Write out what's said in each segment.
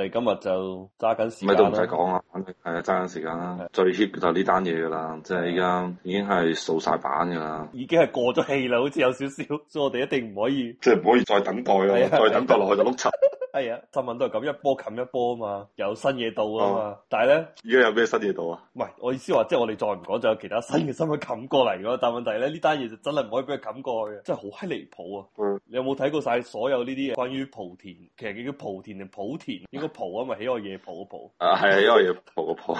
嚟今日就揸緊時間，咪都唔使講啦，係啊，揸緊時間啦。最 h i t 就呢單嘢噶啦，即係依家已經係掃晒板噶啦，已經係過咗氣啦，好似有少少，所以我哋一定唔可以，即係唔可以再等待咯， 再等待落去就碌柒。係啊、哎，新聞都係咁一波冚一波啊嘛，有新嘢到啊嘛，哦、但係咧，而家有咩新嘢到啊？唔係，我意思話即係我哋再唔講，就有其他新嘅新聞冚過嚟噶。但係問題咧，呢單嘢就真係唔可以俾佢冚過去啊，真係好閪離譜啊！你有冇睇過晒所有呢啲嘢？關於莆田，其實叫叫莆田定莆田，應該蒲啊，咪喜愛夜蒲個蒲啊，係喜愛夜蒲個蒲，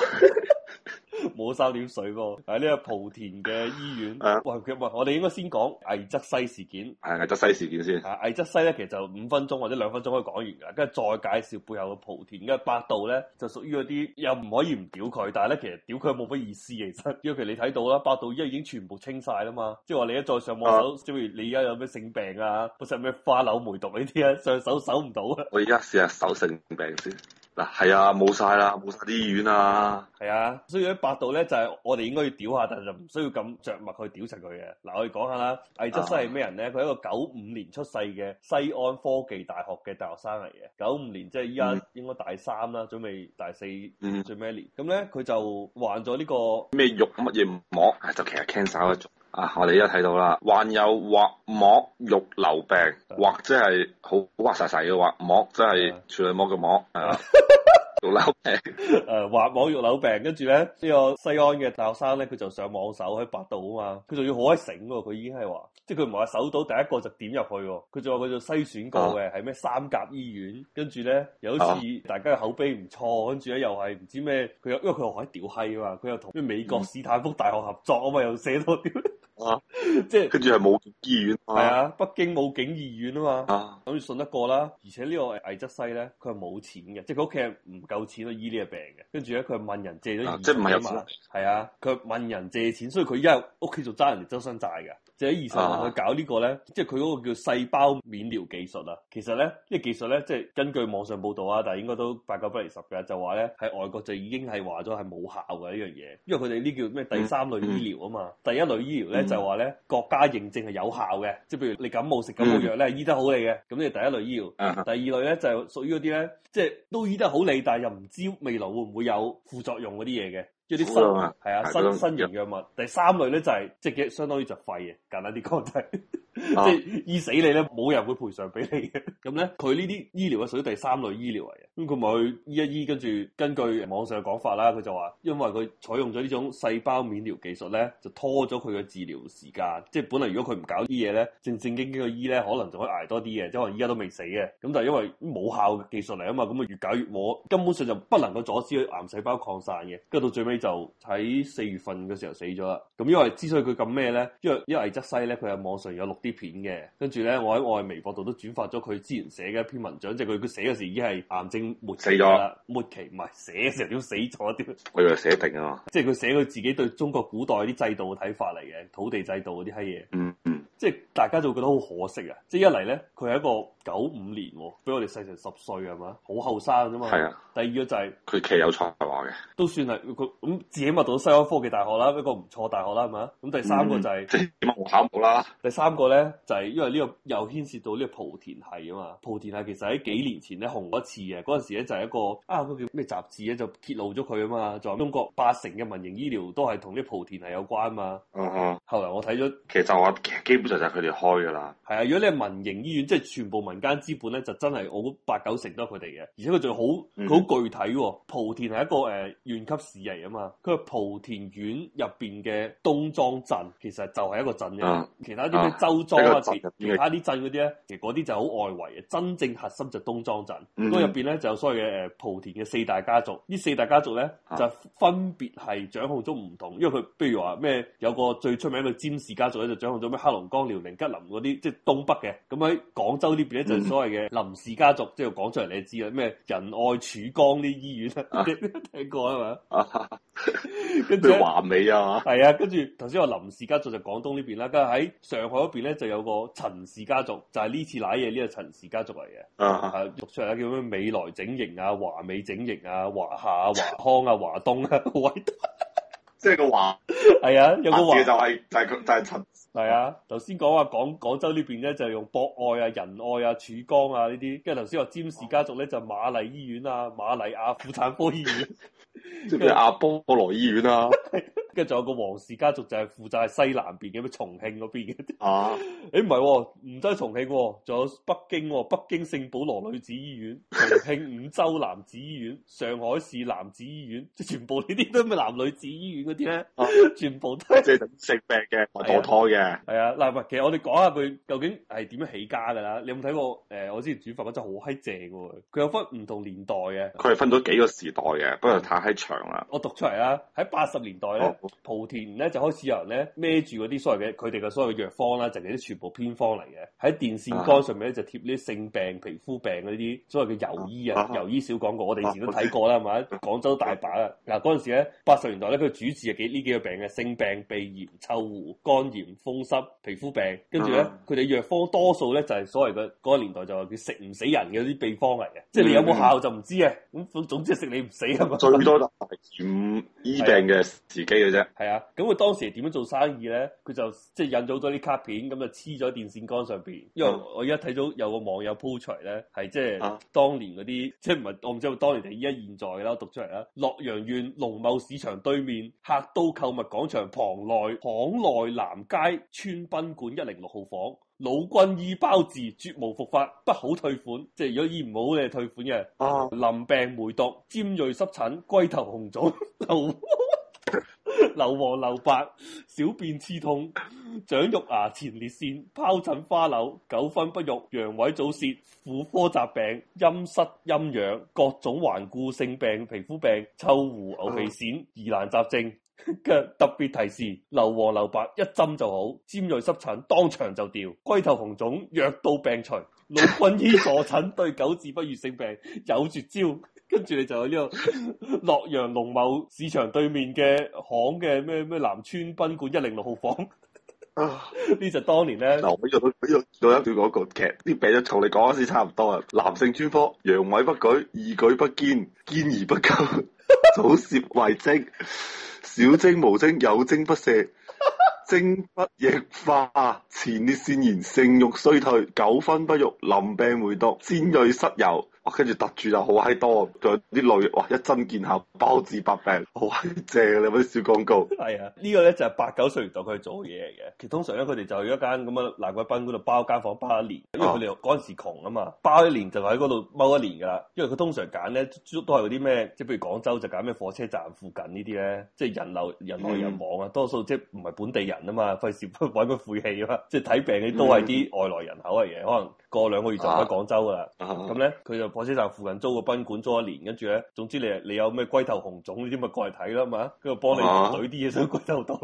冇三點水喎。呢個莆田嘅醫院，喂、啊，佢係，我哋應該先講魏則西事件，係、啊、魏則西事件先。啊，魏則西咧，其實就五分鐘或者兩分鐘可以講完。跟住再介紹背後嘅莆田嘅百度咧，就屬於嗰啲又唔可以唔屌佢，但係咧其實屌佢冇乜意思。其實，尤其你睇到啦，百度依家已經全部清晒啦嘛，即係話你一再上網搜，啊、即係譬如你而家有咩性病啊，或者咩花柳梅毒呢啲啊，上手搜唔到啊。我而家試下手性病先嗱，係啊，冇晒啦，冇晒啲醫院啦。係、嗯、啊，所以喺百度咧就係、是、我哋應該要屌下，但係就唔需要咁着墨去屌柒佢嘅。嗱，我哋講下啦，魏則西係咩人咧？佢、啊、係一個九五年出世嘅西安科技大學嘅大學生嚟。九五年即係依家應該大三啦，嗯、準備大四，嗯、最尾年咁咧，佢就患咗呢個咩肉乜嘢膜，啊，就其實 cancer 一種啊，我哋而家睇到啦，患有滑膜肉瘤病，或者係好滑滑晒嘅話，處膜即係處女膜嘅膜啊。的的 樓、 啊、病，誒，挖網肉瘤病，跟住咧呢個西安嘅大學生咧，佢就上網搜喺百度啊嘛，佢仲要好鬼醒喎，佢已經係話，即係佢唔係話搜到第一個就點入去，啊，佢仲話佢就篩選過嘅，係咩、啊、三甲醫院，跟住咧又好似大家嘅口碑唔錯，跟住咧又係唔知咩，佢又因為佢學喺屌閪啊嘛，佢又同咩美國斯坦福大學合作啊嘛，嗯、又寫到啲。 啊！即係跟住係武警醫院，係 啊，北京武警醫院啊嘛，咁要、啊、信得過啦。而且個魏呢個魏則西咧，佢係冇錢嘅，即係佢屋企係唔夠錢去醫呢個病嘅。跟住咧，佢問人借咗二萬，係啊，佢、啊、問人借錢，所以佢依家屋企就揸人哋周身債嘅。就喺二十年去搞個呢個咧，即係佢嗰個叫細胞免療技術啊。其實咧、這個，即係技術咧，即係根據網上報道啊，但係應該都八九不離十嘅，就話咧喺外國就已經係話咗係冇效嘅呢樣嘢。因為佢哋呢叫咩第三類醫療啊嘛，嗯嗯、第一類醫療咧、嗯、就話咧國家認證係有效嘅，即係譬如你感冒食感冒藥咧醫得好你嘅，咁你、嗯、第一類醫療。嗯嗯、第二類咧就屬於嗰啲咧，即係都醫得好你，但係又唔知未來會唔會有副作用嗰啲嘢嘅。即啲新，係 啊 新 新型藥物。第三類咧就係、是，即係相當於就廢嘅，簡單啲講就係。啊、即係醫死你咧，冇人會賠償俾你嘅。咁 咧，佢呢啲醫療係屬於第三類醫療嚟嘅。咁佢咪去醫一醫，跟住根據網上講法啦，佢就話，因為佢採用咗呢種細胞免療技術咧，就拖咗佢嘅治療時間。即係本嚟如果佢唔搞啲嘢咧，正正經經去醫咧，可能就可以挨多啲嘅，即係話依家都未死嘅。咁就係因為冇效嘅技術嚟啊嘛，咁啊越搞越禍，根本上就不能夠阻止佢癌細胞擴散嘅。跟到最尾就喺四月份嘅時候死咗啦。咁、嗯、因為之所以佢咁咩咧，因為因為則西咧，佢喺網上有六啲。片嘅，跟住咧，我喺我喺微博度都轉發咗佢之前寫嘅一篇文章，即係佢佢寫嘅時已經係癌症末期死咗啦，末期唔係寫成點死咗屌？我又寫定啊嘛，即係佢寫佢自己對中國古代啲制度嘅睇法嚟嘅，土地制度嗰啲閪嘢，嗯嗯，即係大家就會覺得好可惜啊！即係一嚟咧，佢係一個九五年，比我哋細成十歲啊嘛，好後生啊嘛，係啊。第二個就係佢其實有才華嘅，都算係佢咁自己咪讀到西安科技大學啦，一個唔錯大學啦，係嘛？咁第三個就係點啊，考唔到啦，第三個。咧就係因為呢個又牽涉到呢個莆田系啊嘛，莆田系其實喺幾年前咧紅過一次嘅，嗰陣時咧就係一個啊嗰個叫咩雜誌咧就揭露咗佢啊嘛，就話中國八成嘅民營醫療都係同啲莆田系有關啊嘛。嗯哼。嗯後嚟我睇咗，其實我其實基本上就係佢哋開噶啦。係啊，如果你係民營醫院，即、就、係、是、全部民間資本咧，就真係我估八九成都係佢哋嘅，而且佢仲好好具體。莆、嗯、田係一個誒縣、呃、級市嚟啊嘛，佢係莆田縣入邊嘅東莊鎮，其實就係一個鎮嘅，嗯、其他啲咩州？都莊一其其他啲鎮嗰啲咧，其實嗰啲就好外圍嘅，真正核心就東莊鎮。咁入邊咧就有所謂嘅誒，莆田嘅四大家族，呢四大家族咧、啊、就分別係掌控咗唔同。因為佢，譬如話咩，有個最出名嘅詹氏家族咧，就掌控咗咩黑龍江、遼寧、吉林嗰啲，即、就、係、是、東北嘅。咁喺廣州邊呢邊一陣所謂嘅、嗯嗯就是、林氏家族，即係講出嚟你知啦，咩仁愛、曙光呢醫院咧， 你有冇聽過 啊？嘛，跟住華美啊嘛，係啊。跟住頭先話林氏家族就廣東呢邊啦，跟住喺上海嗰邊咧。就有個陳氏家族，就係、是、呢次瀨嘢呢個陳氏家族嚟嘅，uh huh. 啊，讀出嚟叫咩？美萊整形啊，華美整形啊，華夏啊，華康啊，華東啊， 即係個華系啊，有個華就係就係就係陳系啊。頭先講話廣廣州邊，呢邊咧就用博愛啊、仁愛啊、曙光啊呢啲，跟住頭先話詹氏家族咧就瑪、是、麗醫院啊、瑪麗亞婦產科醫院，即係 阿波羅醫院啊。 仲有個黃氏家族就係負責喺西南邊嘅咩重慶嗰邊嘅啊？誒唔係，唔得喺重慶、哦，仲有北京、哦，北京聖保羅女子醫院、重慶五洲男子醫院、 上海市男子醫院，即全部呢啲都係咩？男女子醫院嗰啲咧，啊、 全部都即係食病嘅，懷墮胎嘅，係啊嗱、啊，其實我哋講下佢究竟係點樣起家㗎啦？你有冇睇過誒、呃？我之前轉發真係好閪正嘅，佢有，有，有分唔同年代嘅，佢係分咗幾個時代嘅，不過太閪長啦，我讀出嚟啦、啊，喺八十年代咧。Oh. 莆田咧就開始有人咧孭住嗰啲所謂嘅佢哋嘅所謂藥方啦、啊，就係、是、啲全部偏方嚟嘅，喺電線杆上面咧就貼呢啲性病、皮膚病嗰啲所謂嘅遊醫啊，遊醫、啊、小廣告，我哋以前都睇過啦，係咪？廣州大把啊！嗱，嗰陣時咧，八十年代咧，佢主治啊幾呢幾個病嘅：性病、鼻炎、臭狐、肝炎、風濕、皮膚病。跟住咧，佢哋藥方多數咧就係、是、所謂嘅嗰個年代就話叫食唔死人嘅啲秘方嚟嘅，即係你有冇效就唔知啊。咁、嗯、總之食你唔死啊嘛。最多係醫病嘅時機啊！係啊，咁佢當時點樣做生意咧？佢就即係印咗好多啲卡片，咁就黐咗電線杆上邊。因為我而家睇到有個網友 po 出嚟咧，係即係當年嗰啲，啊、即係唔係我唔知當年定依家現在啦。讀出嚟啦，洛陽縣農貿市場對面客都購物廣場旁內巷內南街村賓館一零六號房，老君醫包治，絕無復發，不好退款，即係如果醫唔好你退款嘅。啊，淋病梅毒，尖銳濕疹、龜頭紅腫。 流黃流白，小便刺痛，長肉牙前列腺，疱疹花柳，久婚不育，陽痿早泄，婦科疾病，陰濕陰癢，各種頑固性病、皮膚病、臭狐牛皮癬、疑難雜症嘅 特別提示：流黃流白一針就好，尖銳濕疹當場就掉，龜頭紅腫藥到病除，老軍醫坐診對久治不愈性病有絕招。跟住你就喺呢度，洛陽農貿市場對面嘅巷嘅咩咩南村賓館一零六號房。呢就當年咧、呃，嗱我用到用到一段嗰個劇，啲病就同你講嗰時差唔多啊。男性專科，陽痿不舉，二舉不堅，堅而不久，早泄遺精，少精無精，有精不射，精不液化，前列腺炎，性慾衰退，久婚不育，淋病梅毒，尖銳濕疣。跟住搭住就好閪多，仲有啲內藥哇！一針見效，包治百病，好閪正嘅你啲小廣告。係啊，這個、呢個咧就係八九歲就佢做嘢嘅，其實通常咧佢哋就一間咁嘅爛鬼賓館嗰度包間房包一年，因為佢哋嗰陣時窮啊嘛，包一年就喺嗰度踎一年㗎啦。因為佢通常揀咧，都係嗰啲咩，即係譬如廣州就揀咩火車站附近呢啲咧，即係人流人來人往啊，多數即係唔係本地人啊嘛，費事揾個晦氣啊嘛，即係睇病你都係啲外來人口嚟嘅，可能過兩個月就唔喺廣州㗎啦。咁咧佢就。火車站附近租個賓館租一年，跟住咧，總之你你有咩龜頭紅腫，你啲咪過嚟睇啦嘛，跟住幫你懟啲嘢上龜頭度，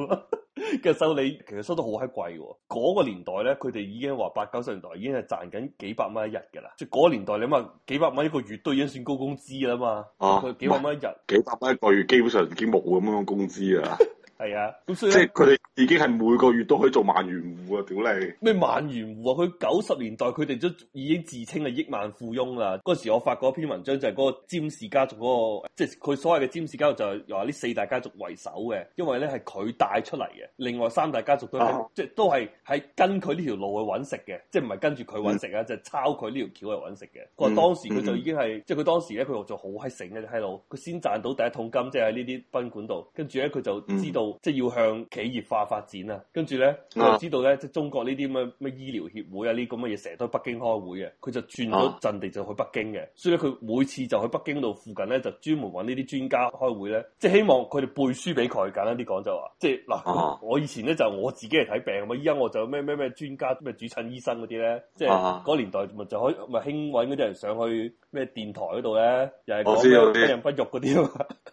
跟 住收你，其實收得好閪貴喎、哦。嗰、那個年代咧，佢哋已經話八九十年代已經係賺緊幾百蚊一日噶啦。即係嗰個年代你問幾百蚊一個月都已經算高工資啦嘛，佢、啊、幾百蚊一日，幾百蚊一個月基本上已經冇咁樣工資啊。 係啊，咁所以即係佢哋已經係每個月都可以做萬元戶啊！屌你咩萬元戶啊？佢九十年代佢哋都已經自稱係億萬富翁啦。嗰時我發過一篇文章，就係嗰個佔士家族嗰、嗰個，即係佢所謂嘅佔士家族就係由呢四大家族為首嘅，因為咧係佢帶出嚟嘅，另外三大家族都、啊、即係都係喺跟佢呢條路去揾食嘅，即係唔係跟住佢揾食、嗯、啊，就係、抄佢呢條橋嚟揾食嘅。佢、嗯、當時佢就已經係、嗯、即係佢當時咧，佢就好閪醒嘅，喺度。佢先賺到第一桶金，即係喺呢啲賓館度，跟住咧佢就知道、嗯。嗯即係要向企業化發展啊，跟住咧佢就知道咧，即係中國呢啲乜乜醫療協會啊，呢啲咁嘅嘢，成日都喺北京開會嘅，佢就轉咗陣地就去北京嘅，所以咧佢每次就去北京度附近咧，就專門揾呢啲專家開會咧，即係希望佢哋背書俾佢。簡單啲講就話，即係嗱，啊、我以前咧就是、我自己嚟睇病啊嘛，依家我就咩咩咩專家咩主診醫生嗰啲咧，即係嗰、啊啊、年代咪就可咪興揾嗰啲人上去咩電台嗰度咧，又係講乜不孕不育嗰啲。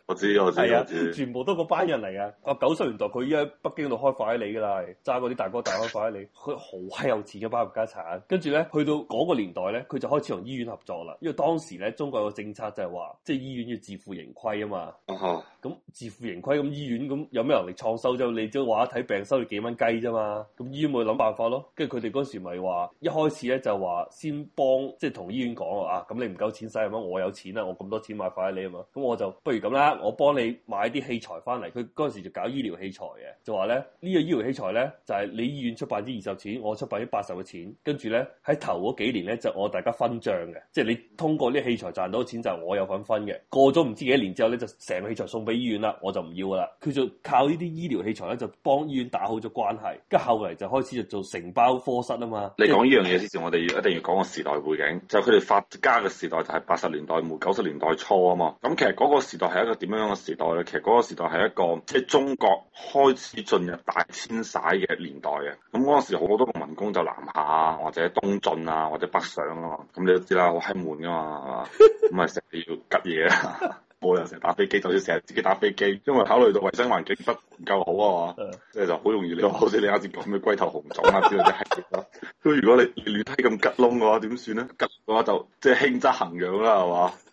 我知不不嘛我知，係 啊，全部都個班人嚟噶。九十年代佢依家喺北京度開快喺你噶啦，揸嗰啲大哥大開快喺你，佢好閪有錢嘅包家產。跟住咧，去到嗰個年代咧，佢就開始同醫院合作啦。因為當時咧，中國嘅政策就係話，即、就、係、是、醫院要自負盈虧啊嘛。咁、uh huh. 嗯、自負盈虧，咁、嗯、醫院咁有咩能力創收？就你即只話睇病收你幾蚊雞啫嘛。咁、嗯、醫院咪諗辦法咯。跟住佢哋嗰時咪話，一開始咧就話先幫，即係同醫院講啊，咁、嗯、你唔夠錢使係咪？我有錢啊，我咁多錢買快喺你啊嘛。咁、嗯、我就不如咁啦，我幫你買啲器材翻嚟。佢嗰時就搞。醫療器材，嘅就話咧呢個醫療器材咧就係你醫院出百分之二十嘅錢，我出百分之八十嘅錢，跟住咧喺頭嗰幾年咧就我大家分賬嘅，即係你通過呢器材賺到嘅錢就我有份分嘅。過咗唔知幾多年之後咧就成個器材送俾醫院啦，我就唔要噶啦。佢就靠呢啲醫療器材咧就幫醫院打好咗關係，跟住後嚟就開始就做承包科室啊嘛。你講呢樣嘢之前，我哋一定要講個時代背景，就係佢哋發家嘅時代就係八十年代末九十年代初啊嘛。咁其實嗰個時代係一個點樣樣嘅時代咧？其實嗰個時代係一個即係、就是、中國開始進入大遷徙嘅年代嘅，咁嗰陣時好多個民工就南下啊，或者東進啊，或者北上啊，嘛。咁你都知啦，好閪悶噶嘛，係嘛， 咁啊成日要吉嘢啊，冇人成日打飛機，就要成日自己打飛機，因為考慮到衛生環境不唔夠好啊嘛，即係 就好容易好你好似你啱先講嘅龜頭紅腫啊之類啲係咯，咁、就是、如果你你亂睇咁吉窿嘅話，點算咧？吉嘅話就即係輕則痕癢啦，係、就、嘛、是？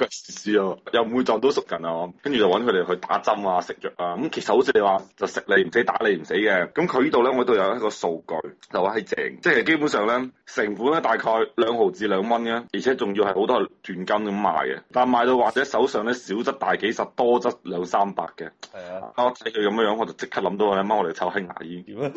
格事又唔會撞到熟人啊，跟住就揾佢哋去打針啊、食藥啊，咁其實好似你話就食你唔死，打你唔死嘅。咁佢呢度咧，我度有一個數據就話係正，即係基本上咧成本咧大概兩毫至兩蚊嘅，而且仲要係好多係斷根咁賣嘅。但係賣到或者手上咧少則大幾十，多則兩三百嘅。係的啊，我睇佢咁樣，我就即刻諗到我阿媽，我哋湊閪牙煙牙醫。點啊？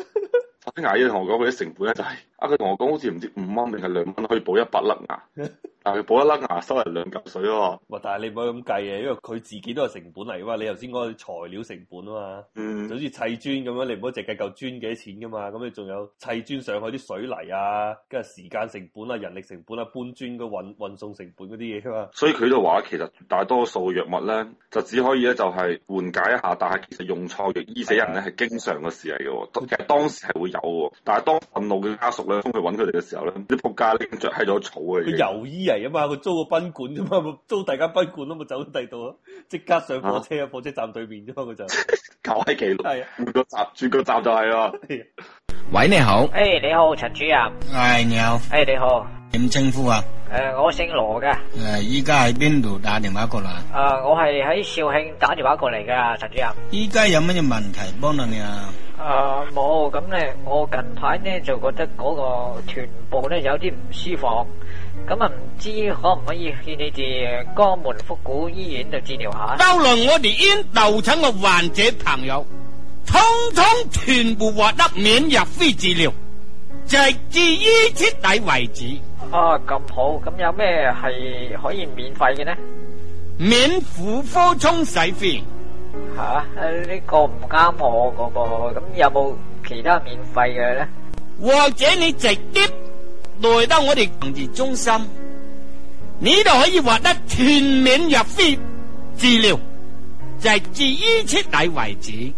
湊閪牙醫同我講佢啲成本就係。佢同我講，好似唔知五蚊定係兩蚊可以補一百粒牙， 但係補一粒牙收人兩嚿水喎，哦。哇！但係你唔好咁計嘅，因為佢自己都係成本嚟噶嘛。你頭先講材料成本啊嘛，嗯，就好似砌磚咁樣，你唔好淨計嚿磚幾錢噶嘛。咁你仲有砌磚上去啲水泥啊，跟住時間成本啊、人力成本啊、搬磚嘅運運送成本嗰啲嘢噶嘛。所以佢都話其實大多數藥物咧，就只可以咧就係緩解一下，但係其實用錯藥醫死人咧係的經常嘅事嚟嘅，其實當時係會有，但係當憤怒嘅家屬咧。通去揾佢哋嘅時候咧，啲仆街咧着喺咗草嘅。佢游醫嚟啊嘛，佢租個賓館啫嘛，租大間賓館都冇走到第度啊，即刻上火車啊，火車站對面啫嘛，佢就靠喺麒麟。係是啊，住個站住個站就係是啊。喂，你好，誒、hey, hey, 哎，你好，陳主任，係你好，誒，你好，點稱呼啊？誒，uh, 我姓羅嘅。誒、啊，依家喺邊度打電話過嚟啊？誒，我係喺肇慶打電話過嚟噶，陳主任。依家有乜嘢問題幫到你啊？啊，冇咁咧，我近排咧就覺得嗰個臀部咧有啲唔舒服，咁啊唔知可唔可以去你哋江門福古醫院度治療下？將來我哋醫院就診嘅患者朋友，通通全部獲得免入院費治療，直至醫徹底為止。啊，咁好，咁有咩係可以免費嘅咧？免婦科沖洗費。吓，呢個唔啱我個噃，咁有冇其他免費嘅咧？或者你直接嚟到我哋防治中心，你就可以獲得全面入院治療，就係治醫徹底為止。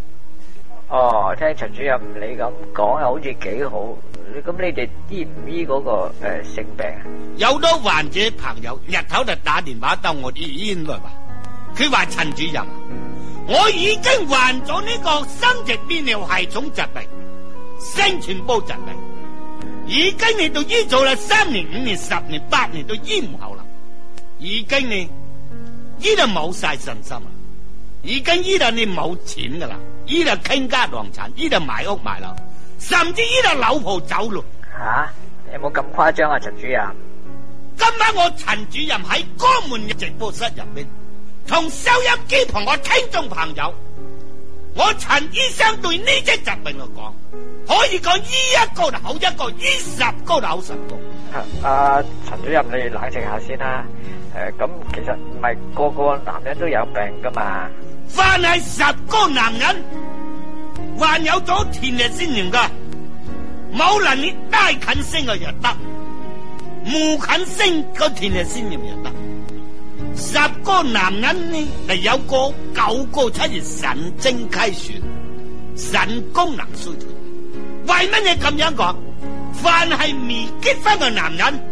哦，聽陳主任你咁講又好似幾好，咁你哋醫唔醫嗰個誒性病啊？有好多患者朋友日頭就打電話到我哋醫院來話，佢話陳主任。我已經患咗呢個生殖泌尿系統疾病，生殖傳播疾病，已經喺度醫咗啦，三年、五年、十年、八年都醫唔好啦，已經呢，醫到冇晒信心啦，已經醫到你冇錢噶啦，醫到傾家蕩產，醫到賣屋賣樓，甚至醫到老婆走落。吓，有冇咁誇張啊，陳主任？今晚我陳主任喺江門嘅直播室入邊。同收音機同我聽眾朋友，我陳醫生對呢隻疾病嚟講，可以講，醫一個好一個，醫十個，好，個，個好十個。阿陳、啊、主任，你冷靜下先啦、啊。誒、啊，咁其實唔係個個男人都有病噶嘛。凡係十個男人，患有咗前列腺炎噶，冇能力帶近星嘅亦得，無近星個前列腺炎亦得。十個男人呢，就有個九個出現神經虧損、腎功能衰退。為乜嘢咁樣講？凡係未結婚嘅男人，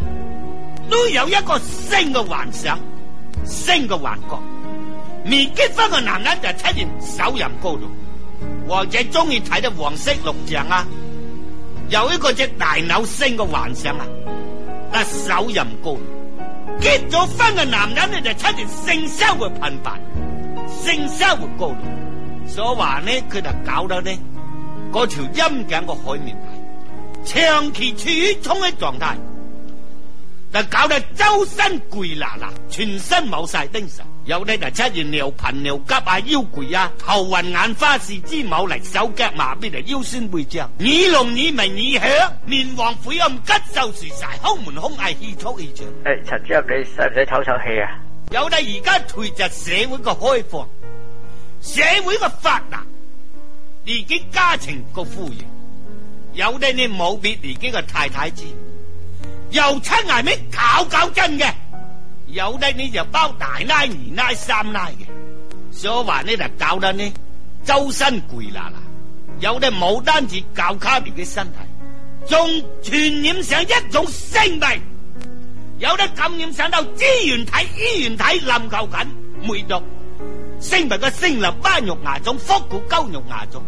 都有一個性嘅幻想、性嘅幻覺。未結婚嘅男人就出現手淫過度，或者中意睇啲黃色錄像啊，有一個只大腦性嘅幻想啊，但手淫高。結咗婚嘅男人咧就出現性生活頻繁、性生活高度，所以話咧佢就搞到咧條陰莖個海綿體長期處於充嘅狀態，就搞到周身攰攰啦，全身冇晒精神。有啲就出現尿頻尿急啊腰攰啊頭暈眼花四肢冇力手腳麻痹啊腰酸背脹耳聾耳鳴耳響面黃晦暗咳嗽時晒胸悶胸翳氣促氣脹。誒陳叔你使唔使唞唞氣啊？有啲而家隨着社會嘅開放，社會嘅發達，自己家庭嘅富裕，有啲你冇俾自己嘅太太知，又出嚟咩搞搞震嘅。有啲你就包大奶、二奶、三奶嘅，所以話呢就搞得呢周身攰爛爛，有啲冇單止搞卡住嘅身體，仲傳染上一種性病，有啲感染上到支原體、衣原體、淋球菌、梅毒，性病嘅性淋巴肉芽腫、腹股溝肉芽腫，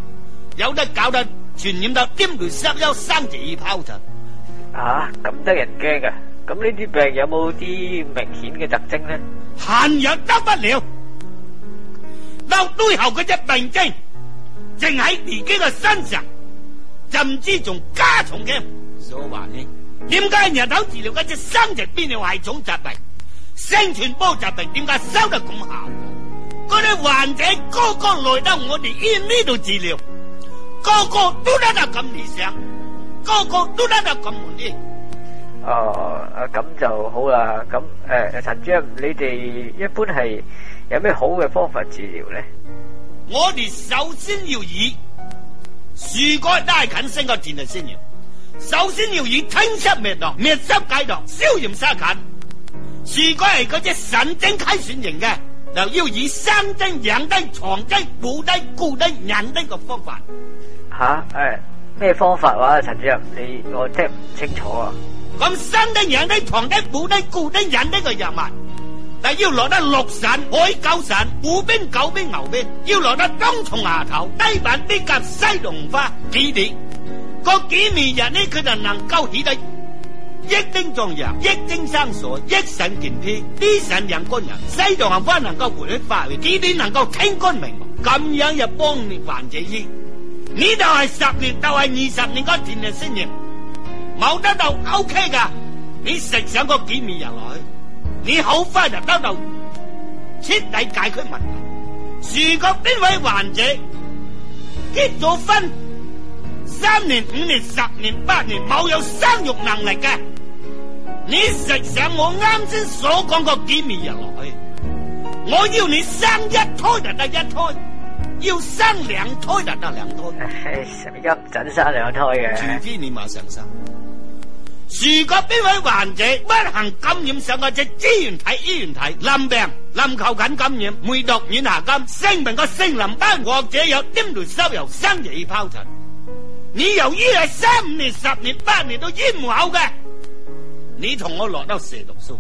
有啲搞得傳染到尖銳濕疣、生殖器疱疹，啊咁得人驚㗎！咁呢啲病有冇啲明顯嘅特徵咧？閒藥得不了，到最後嗰隻病症，正喺自己個身上，甚至仲加重嘅。所話呢？點 解人口治療嗰隻生殖泌尿系統疾病、性傳播疾病，點解收得咁效果？嗰啲患者個個來得我哋醫院呢度治療，個個都得到咁理想，個個都得到咁滿意。個個哦，啊咁就好啦。咁、嗯、誒，陳主任，你哋一般係有咩好嘅方法治療咧？我哋首先要以樹都拉近身個戰略先嘅，首先要以清濕滅毒、滅濕解毒、消炎殺菌。如果係嗰隻神經虧損型嘅，就要以生精養低、藏精補低、固低硬低嘅方法。吓誒，咩、哎、方法話啊？陳主任，你我聽唔清楚啊！咁生的養的藏的補的固的引的個藥物，但要落得六神海狗腎補兵狗鞭牛鞭，要落得冬蟲夏草低品啲及西龍花幾點，嗰幾年日呢，佢就能夠起得益精壯陽、益精生水、益腎健脾、二腎養肝人。西龍花能夠活血化瘀，幾點能夠清肝明目。咁樣又幫你患者醫，呢度係十年到係二十年莆田嘅事業。冇得到 OK 噶你食上個幾味藥來，你好快就得到徹底解決問題。如果邊位患者結咗婚，三年、五年、十年、八年冇有生育能力嘅，你食上我啱先所講個幾味藥來，我要你生一胎就得一胎，要生兩胎就得兩胎。係食唔准生兩胎嘅，啊，除非你馬上生。如果邊位患者不幸感染上個隻支原體、衣原體、淋病、淋球菌感染、梅毒、軟下疳，聲明個性淋斑，或者有尖銳濕疣、生野疱疹，你由於係三五年、十年、八年都醫唔好嘅，你同我落到蛇毒書，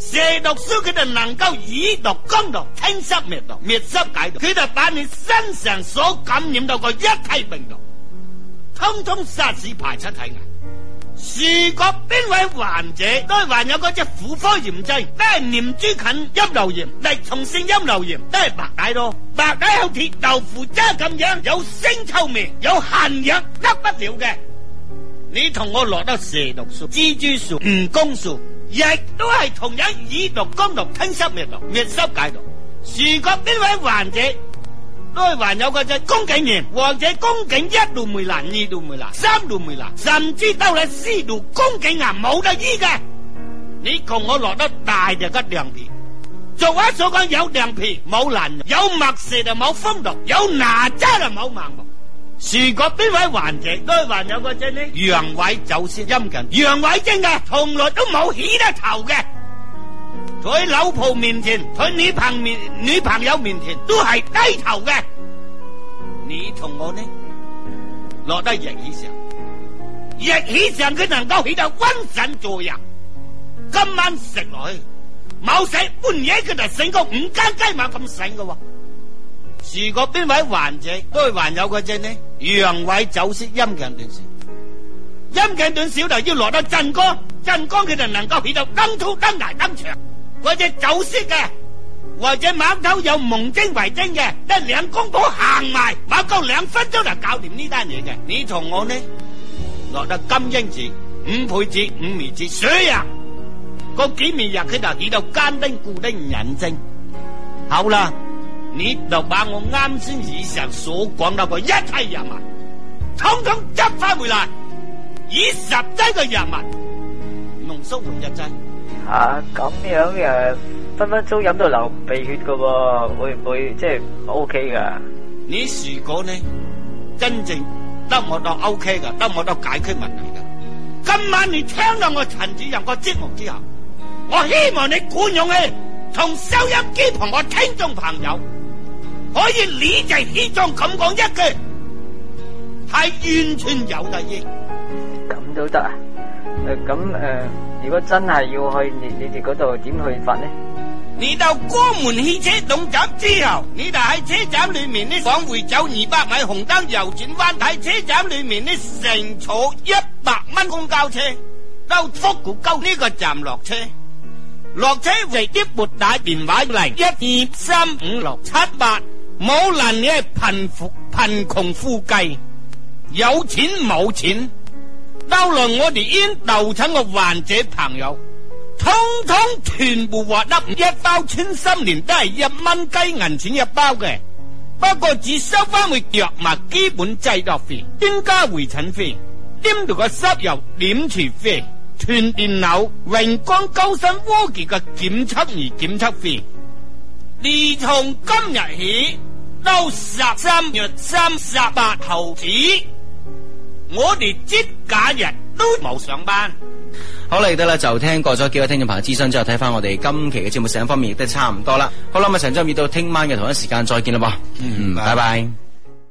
蛇毒書佢就能夠以毒攻毒、清濕滅毒、滅濕解毒，佢就把你身上所感染到個一切病毒，通通殺死排出體外。如果邊位患者都患有嗰隻婦科炎症，都係念珠菌陰流炎、力蟲性陰流炎，都係白帶多，白帶好似豆腐渣咁樣，有腥臭味，有痕癢，得不了嘅。你同我落得蛇毒素、蜘蛛素、蜈蚣素，亦都係同樣以毒攻毒、吞濕滅毒、滅濕解毒。如果邊位患者都係還有個即係宮頸炎，或者宮頸一度糜爛、二度糜爛、三度糜爛，甚至都係四度宮頸癌冇得醫嘅。你同我落得大隻吉涼皮，俗話所講有涼皮冇爛肉，有墨蛇就冇風毒，有牙渣就冇盲目。如果邊位患者都還有個即係呢？陽痿早泄陰莖，陽痿症噶從來都冇起得頭嘅。在老婆面前，在女朋女朋友面前都係低頭嘅。你同我呢？落得熱氣上，熱氣上佢能夠起到溫腎助陽。今晚食落去，冇使半夜佢就醒個五更雞冇咁醒嘅。如果邊位患者都係患有嗰隻呢？陽痿、早泄、陰莖短小，陰莖短小就要落得鎮江，鎮江佢就能夠起到金土金牙金牆。嗰隻走私嘅，或者某狗有蒙晶為精嘅，一兩公婆行埋，某狗兩分鐘就搞掂呢單嘢嘅。你同我呢，落到金英子、五倍子、五味子，水入嗰幾味藥，佢就起到堅丁固丁眼睛。好啦，你就把我啱先以上所講到嘅一切藥物，統統執翻回嚟，以十劑嘅藥物濃縮換一劑。啊咁樣嘅分分鐘飲到流鼻血噶，啊，會唔會即係 O K 噶？你如果呢真正得我到 O K 噶，得我到解決問題噶，今晚你聽到我陳主任個節目之後，我希望你鼓勇氣同收音機同我聽眾朋友可以理直氣壯咁講一句，係完全有得益，咁都得啊！誒，咁誒，如果真係要去你你哋嗰度，點去法呢？你到江門汽車總站之後，你就喺車站裏面呢往回走二百米，紅燈右轉彎，喺車站裏面呢乘坐一百蚊公交車，到福古溝呢個站落車，落車直接撥打電話嚟，一二三五六七八，無論你係貧富貧窮富貴，有錢冇錢。到嚟我哋醫院就診嘅患者朋友，通通全部獲得一包穿心蓮都係一蚊雞銀錢一包嘅，不過只收翻去藥物基本製作費、專家會診費、黏度嘅濕油檢查費、斷電腦榮光高新科技嘅檢測儀檢測費，而從今日起到十三月三十八號止。我哋節假日都冇上班，好啦，亦得啦，就聽過咗幾位聽眾朋友諮詢之後，睇翻我哋今期嘅節目時間方面亦都係差唔多啦。好啦，咁啊，陳總，預到聽晚嘅同一時間再見啦，噃，嗯，拜拜。